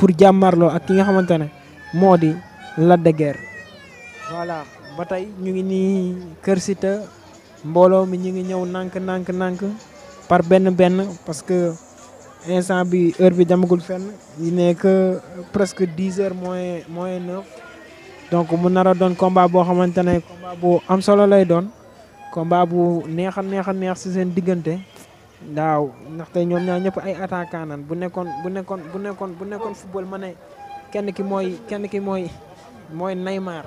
pour jamarlo ak ki nga xamantene modi la de guerre voilà batay ñu ngi ni keur Siteu mbolo mi ñu ngi ñew nank nank nank par ben ben parce que instant bi heure bi jamagul fenn yi nekk presque 10 heures moins moins 9 donc mu nara don combat bo xamantene combat bu am solo lay don combat bu neexal neexal neex ci seen digënté ndaaw ndaxte ñoom ñaar ñëpp ay attaquant nan bu nekkoon bu nekkoon bu nekkoon bu nekkoon football ma ne kenn ki mooy kenn ki mooy mooy Neymar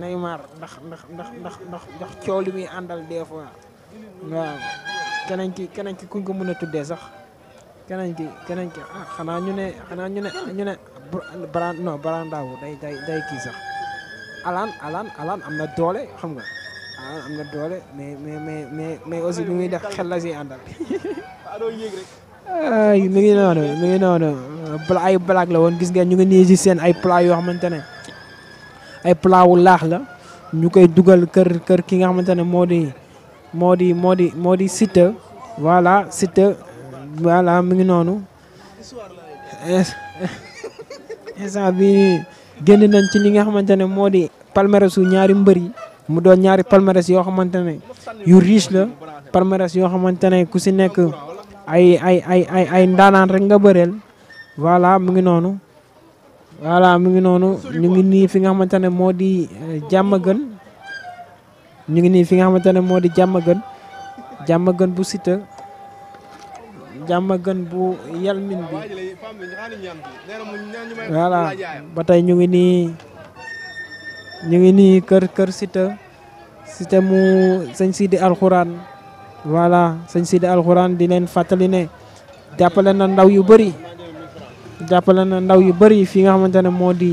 Neymar ndax ndax ndax ndax ndax ndax coow li muy àndal des fois waaw keneen ki keneen ki kuñ ko mën a tuddee sax keneen ki keneen ki ah xanaa ñu ne xanaa ñu ne ñu ne Brand non Brandao day day day kii sax alaan alaan alaan am na doole xam nga ah am na doole mais mais mais mais aussi li muy def xel la si àndal. ay mi ngi noonu mi ngi noonu bala ay blague la woon gis ngeen ñu ngi nii si seen ay plat yoo xamante ne ay plat wu laax la ñu koy dugal kër kër ki nga xamante ne moo di moo di moo di moo di Siteu voilà Siteu voilà mi ngi noonu. instant bi génn nañ ci li nga xamante ne moo di palmarèsu ñaari mbër yi. mu doon ñaari palmarès yoo xamante ne yu riche la palmarès yoo xamante ne ku si nekk ay ay ay ay ay ndaanaan rek nga bëreel voilà mu ngi noonu voilà mu ngi noonu ñu ngi nii fi nga xamante ne moo di eh, jàmm gën ñu ngi nii fi nga xamante ne moo di jàmm gën jàmm gën bu Siteu jàmm gën bu yalmin bi voilà ba ñu ngi nii ñu ngi ni kër kër sita sita mu señ sidi Alquran voilà señ sidi alxuraan di leen fàttali ne jàppale na ndaw yu bari jàppale na ndaw yu bari fi nga xamantene cilinyi moo di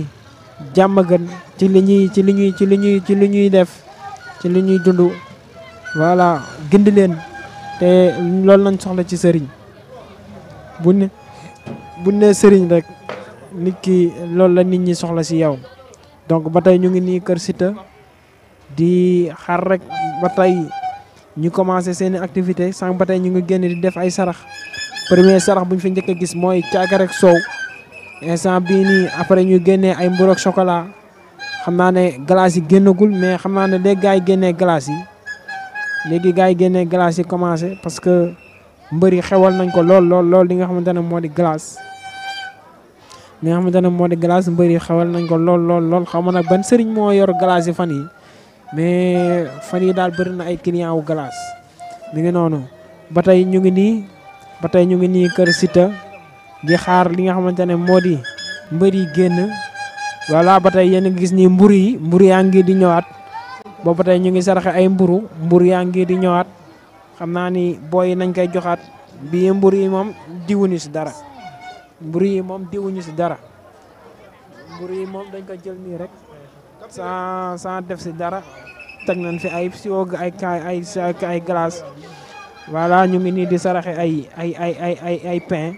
jàmm gën ci li ñuy ci li ñuy ci li ñuy ci li ñuy def ci li ñuy dund voilà gindi leen te loolu lañ soxla ci sëriñ bu ne bu ne sëriñ rek nit ki loolu la nit ñi soxla si yow donc batay ñu ngi ni Kër sita di xar rek batay ñu commencé seen activité sang batay ñu ngi génn di def ay sarax premier sarax buñ fi njëkk gis mooy caaka rek sow instant bii nii après ñu génnee ay mburu ak chocolat xam naa ne glace yi génnagul mais xam naa ne léegi gars génnee glace yi léegi gaay yi génnee glace yi commencé parce que mbër yi xewal nañ ko lool lool lool li nga xamante ne moo di glace mi nga xamantene di glace mbër yi xewal nañ ko lol. lool lool xaw ma nag ban sëriñ moo yor glace yi fan yi mais fan yi daal bëri na ay client wu glace mi ngi noonu ba tey ñu ngi nii ba tey ñu ngi nii kër di xaar li nga xamantene ne moo di mbër yi génn voilà ba tey yéen gis ni mburu yi mburu yaa ngi di ñëwaat boobu tey ñu ngi saraxe ay mburu yaa di ñëwaat xam naa ni boy nañ koy joxaat bii mburu yi moom dara mburi yi moom diwuñu si dara mburi yi moom dañ ko jël nii rek sans sans def si dara teg nañ fi ay siog ay kaay ay saak ay glace voilà ñu ngi nii di saraxe ay ay ay ay ay ay pain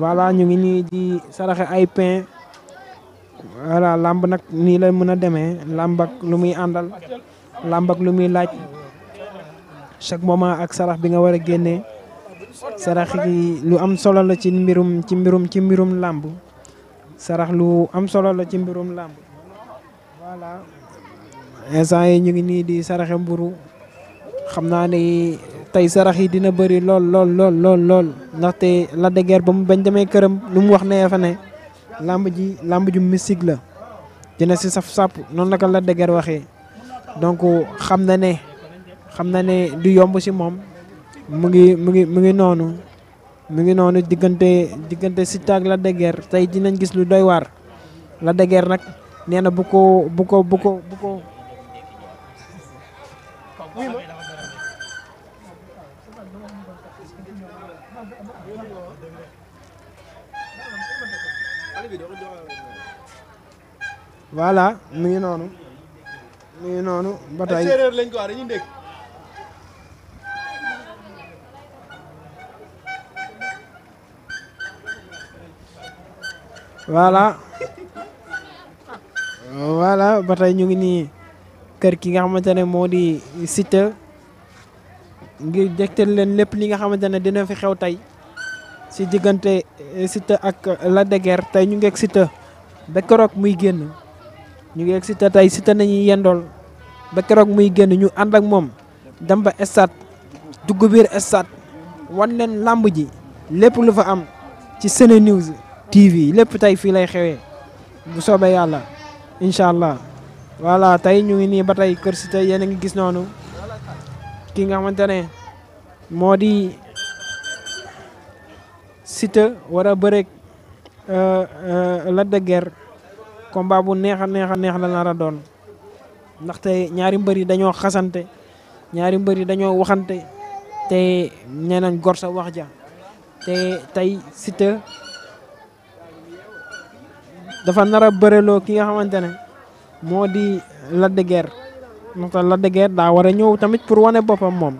voilà ñu ngi nii di saraxe ay pain voilà lamb nag nii lay mën a demee làmb ak lu muy àndal lamb ak lu muy laaj chaque moment ak sarax bi nga wara a sarax yi lu am solo la ci mbirum ci mbirum ci mbirum lamb sarax lu am solo la ci mbirum lamb voilà instant yi ñu ngi ni di saraxé mburu xamna ni sarax yi dina bëri lol lol lol lol ndax té la de guerre ba bañ démé kërëm lu mu wax né fa né lamb ji lamb ju mystique la dina ci saf sap non la ko la de guerre waxé donc xamna né xam na ne du yomb si moom mu ngi mu ngi mu ngi noonu mu ngi noonu diggante diggante Siteu ak la de Guiers tey dinañ gis lu doy waar la de Guiers nag nee na bu ko bu ko bu ko bu ko voilà mu ngi noonu mu ngi noonu ba lañ ko ñu dégg voilà voilà ba tey ñu ngi ni kër ki nga xamantene modi moo ngir leen lepp li nga xamantene dina fi xew tay ci digënté eh, Siteu ak la de guerre tay ñu ngi ak Siteu ba kërok muy genn ñu ngi ak Siteu tay Siteu nañu yendool ba kërok muy genn ñu and ak mom dem ba estat dugg biir estat wan leen lamb ji lepp lu fa am ci Sene News TV lépp tey fii lay xewee bu soobee yàlla incha allah voilà tey ñu ngi nii ba tey Kër Cité yéen a ngi gis noonu ki nga xamante ne moo di Cité war a bëreeg euh, euh, Lac de Guiers combat bu neex a neex a neex la nar doon ndaxte ñaari mbër yi dañoo xasante ñaari mbër yi dañoo waxante te nee nañ gor sa wax ja te tey Cité. dafa nara a bëreloo ki nga xamante ne moo di la de Guiers la te Lac de daa war a ñëw tamit pour wane boppam moom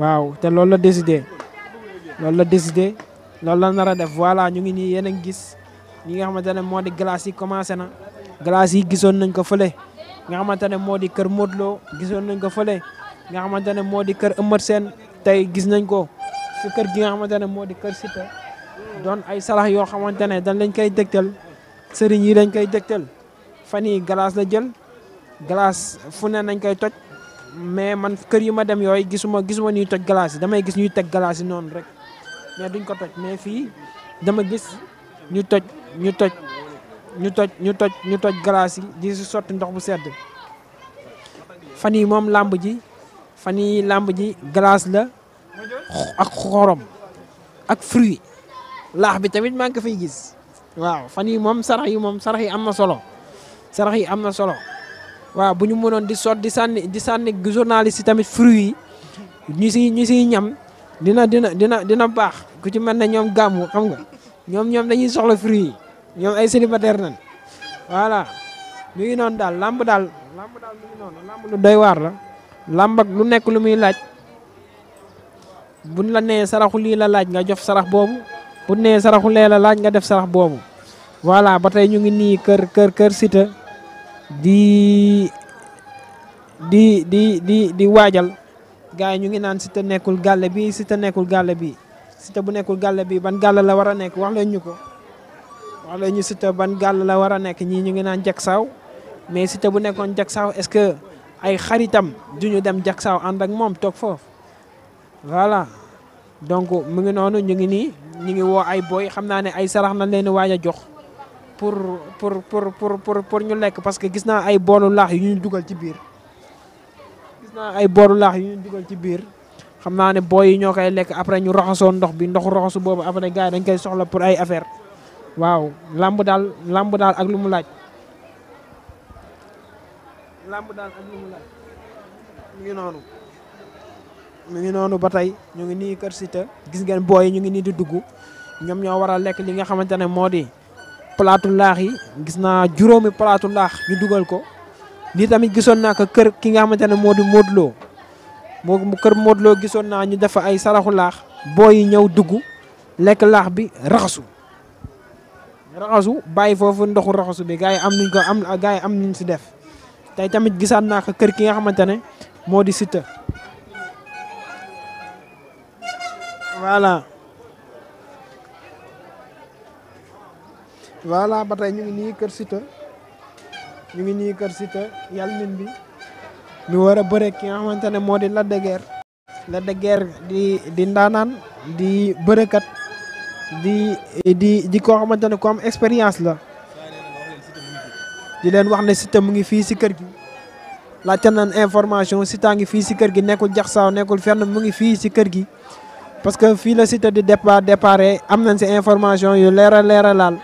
waaw te loolu la décidé loolu la décidé loolu la nar a def voilà ñu ngi nii yéen a gis ñi nga xamante ne moo di glace yi commencé na glace yi gisoon nañ ko fële nga xamante ne moo di kër Modou Lo gisoon nañ ko fële nga xamante moo di kër Eumeu Sène tey gis nañ ko fi kër gi nga xamante ne moo di kër Siteu doon ay sarax yoo xamante ne dañ lañ koy dégtal sëriñ yi dañ koy dégtal fan yi glace la jël glace fu ne nañ koy toj mais man kër yi ma dem yooyu gisuma gisuma ñuy toj glace yi damay gis ñuy teg glace yi noonu rek mais duñ ko toj mais fii dama gis ñu toj ñu toj ñu toj ñu toj ñu toj glace yi di si sotti ndox bu sedd fan yi moom làmb ji fan yi làmb ji glace la ak xorom ak fruit Lah bi tamit ma nga fay gis waaw fan yi moom sarax yi moom sarax yi am na solo sarax yi am na solo waaw bu ñu mënoon di sot di sànni di sànni journaliste yi tamit fruit yi ñu si ñu si ñam dina dina dina dina baax ku ci mel ne ñoom gàmmu xam nga ñoom ñoom dañuy soxla fruit yi ñoom ay célibataire nan voilà mi ngi noonu daal lamb daal lamb daal mi ngi noonu lamb lu doy waar la lamb ak lu nekk lu muy laaj buñ la nee saraxu lii la laaj nga jof sarax boobu bu nee saraxu la laaj nga def sarax boobu voilà ba tey ñu ngi nii kër kër kër sita di di di di di waajal gars yi ñu ngi naan sita nekkul gàlle bi sita nekkul gàlle bi sita bu nekkul gàlle bi ban gàlle la war a nekk wax leen ñu ko wax ñu sita ban gàlle la war a nekk ñii ñu ngi naan jak saw mais sita bu nekkoon jak saw est-ce que ay xaritam ñu dem jak saw ànd ak moom toog foofu voilà donc mu ngi noonu ñu ngi nii ñi ngi woo ay booy xam naa ne ay sarax nañ leen waaj a jox pour pour pour pour pour ñu lekk parce que gis naa ay boolu laax yu ñu dugal ci biir gis naa ay boolu laax yu ñu dugal ci biir xam naa ne booy yi ñoo koy lekk après ñu raxasoo ndox bi ndoxu raxasu boobu après gars yi dañ koy soxla pour ay affaire waaw làmb daal làmb daal ak lu mu laaj làmb daal noonu mu ngi noonu ba tey ñu ngi nii Kër Siteu gis ngeen booy yi ñu ngi nii di dugg ñoom ñoo war lekk li nga xamante ne moo di palaatu laax yi gis naa juróomi palaatu laax ñu dugal ko lii tamit gisoon naa ko kër ki nga xamante ne moo di Modou moo kër Modou gisoon naa ñu def ay saraxu laax booy yi ñëw dugg lekk laax bi raxasu raxasu bàyyi foofu ndoxu raxasu bi gars yi am nuñ yi am nuñ si def tey tamit gisaat naa kër ki nga xamante ne moo di Siteu voilà voilà batay ñu ngi ni kër sita ñu ngi ni kër yal yalmin bi mi wara bëre ki nga xamantene modi la de guerre la de guerre di di ndanan di kat di di di ko xamantene ko am experience la di len wax ne sita mu ngi fi ci kër gi la naan information sita ngi fi ci kër gi nekul jaxsaaw nekul fenn mu ngi fi ci kër gi parce que fi la cité di départ départ am nañ ci information yu lera lera lal a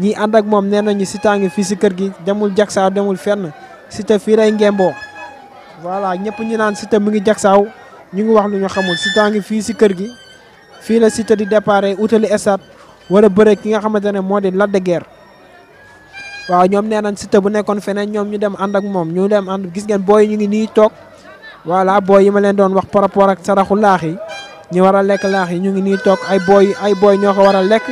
laal ak mom nee nañu Siteu fi ci kër gi demul jagsaaw demul fenn cité fi ray ngembo voilà ñepp ñi naan cité mu ngi jagsaaw ñu ngi wax lu ñu xamul Siteu ngi fii kër gi fi la cité di départ utali esat wala bëre ki nga xamantene modi la di de guerre waaw ñom nee cité bu nekkon fenen ñom ñu dem and ak mom ñu dem and gis ngeen boy ñu ngi ni tok voilà boy yi ma leen doon wax par rapport ak saraxu ñi war a lekk laax yi ñu ngi nii toog ay booy ay booy ñoo ko war a lekk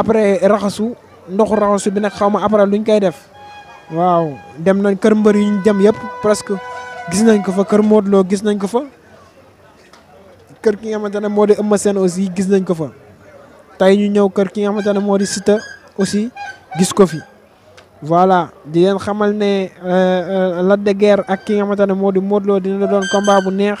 après raxasu ndoxu raxasu bi nag xaw ma après luñ koy def waaw dem nañ kër mbër yi ñu dem yëpp presque gis nañ ko fa kër Modou gis nañ ko fa kër ki nga xamante ne moo di Eumeu Sène aussi gis nañ ko fa tey ñu ñëw kër ki nga xamante ne moo di Siteu aussi gis ko fi voilà di xamal ne euh, euh, Lac de Guiers ak ki nga xamante ne moo di Modou Lo dina doon combat bu neex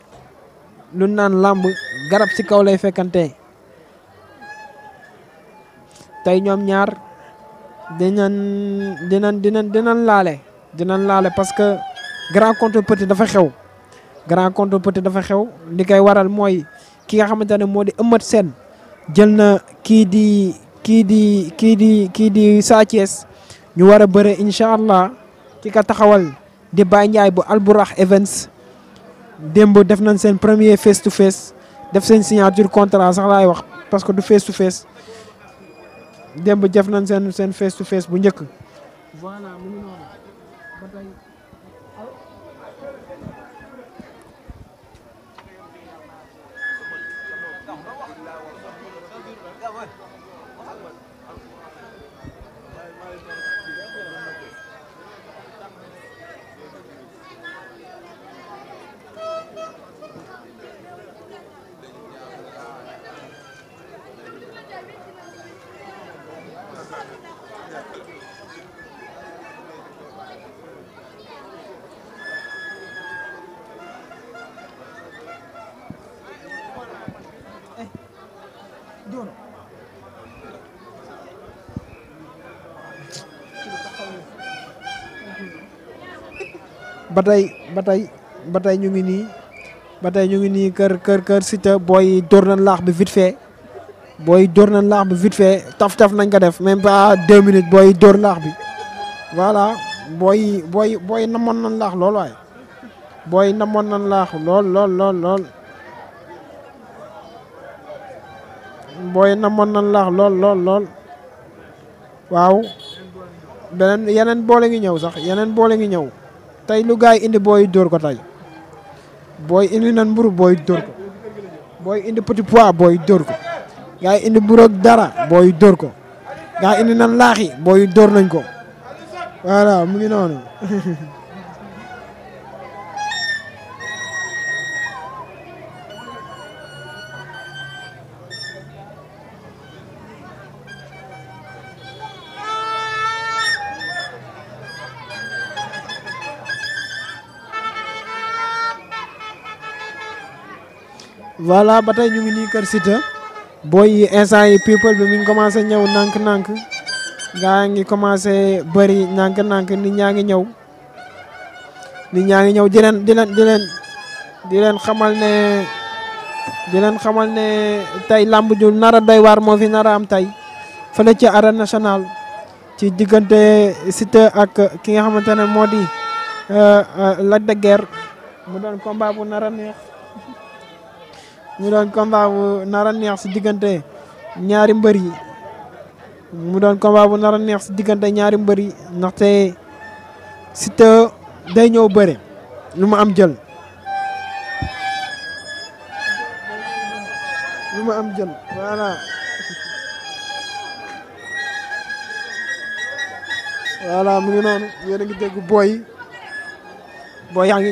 lu naan làmb garab ci kaw lay fekkante tey ñoom ñaar dinañ dinañ dinañ dinañ laale dinañ laale parce que grand contre dafa xew grand contre petit dafa xew li koy waral mooy ki nga xamante ne moo di Eumeu Sène jël na kii di kii di kii di kii di Sa ñu war a bëre incha allah ki ka taxawal di Baye Ndiaye bu Alburax Events dembo def nañ premier face to face def seen signature contrat sax laay wax parce que du face to face dembo def nañ seen face to face bu njëkk. voilà mu ba ba tey ba tey ba tey ñu ngi nii ba tey ñu ngi nii kër kër kër Siteu booy dóor nañ laax bi vite fait booy dóor nañ laax bi vite taf taf nañ ko def même pas deux minutes booy dóor laax bi voilà booy booy booy namoon nañ laax lool waaye booy namoon nañ laax lool lool lool lool. booy namoon nañ laax lool lool lool waaw beneen yeneen boole ngi ñëw sax yeneen boole ngi ñëw. tey lu gars yi indi booy dóor ko tey booy indi nan mburu booy dóor ko booy indi petit pois booy dóor ko gars indi mburu dara booy dóor ko gars yi indi nan laaxi booy dóor nañ ko voilà mu ngi noonu voilà batay ñu ngi ni kër sita boy instant people bi mi ngi commencé ñew nank nank gaa ngi commencé bari nank nank ni ñaa ñew ni nit ñew di leen di di di xamal ne di leen xamal ne tay lamb ju nara day war mo fi nara am tey fële ci arena nationale ci diggante Siteu ak ki nga xamantene modi euh di euh, de guerre mu don combat bu nara neex mu doon combat bu nar a neex si diggante ñaari mbër yi mu doon combat bu nar a neex si diggante ñaari mbër yi ndaxte Siteu day ñëw bëre lu mu am jël lu mu am jël voilà voilà mu ngi noonu yéen a ngi dégg booy booy yaa ngi